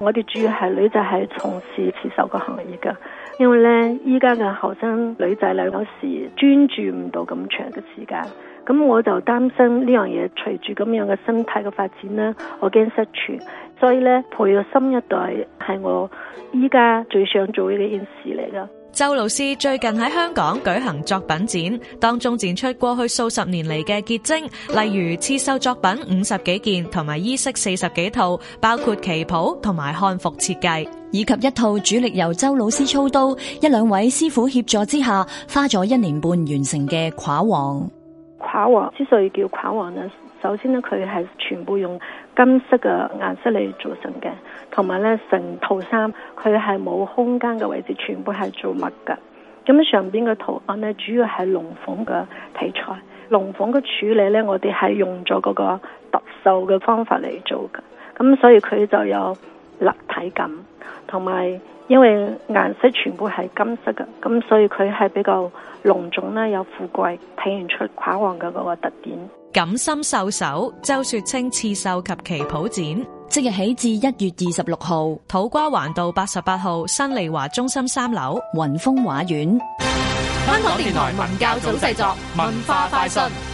我哋主要係女仔係從事刺繡嘅行業噶，因為咧，依家嘅後生女仔兩有時專注唔到咁長嘅時間，咁我就擔心呢樣嘢隨住咁樣嘅生態嘅發展咧，我驚失傳。所以咧，培育新一代係我依家最想做嘅呢件事嚟噶。周老師最近喺香港舉行作品展，當中展出過去數十年嚟嘅結晶，例如刺繡作品五十幾件，同埋衣飾四十幾套，包括旗袍同埋漢服設計，以及一套主力由周老師操刀，一兩位師傅協助之下，花咗一年半完成嘅褂皇。褂皇之所以叫褂皇呢，首先呢，佢係全部用金色嘅顏色嚟做成嘅，同埋呢，成套衫佢係冇空間嘅位置，全部係做密嘅。咁上邊嘅圖案呢，主要係龍鳳嘅題材，龍鳳嘅處理呢，我哋係用咗嗰個特繡嘅方法嚟做嘅，咁所以佢就有立體感，同埋因為顏色全部係金色嘅，咁所以佢係比較。隆重咧，有富貴，體現出誇王嘅嗰個特點。錦心繡首、周雪清刺繡及旗袍展，即日起至一月二十六號，土瓜灣道八十八號新利華中心三樓雲峰畫苑。香港電台文教組製作，文化快訊。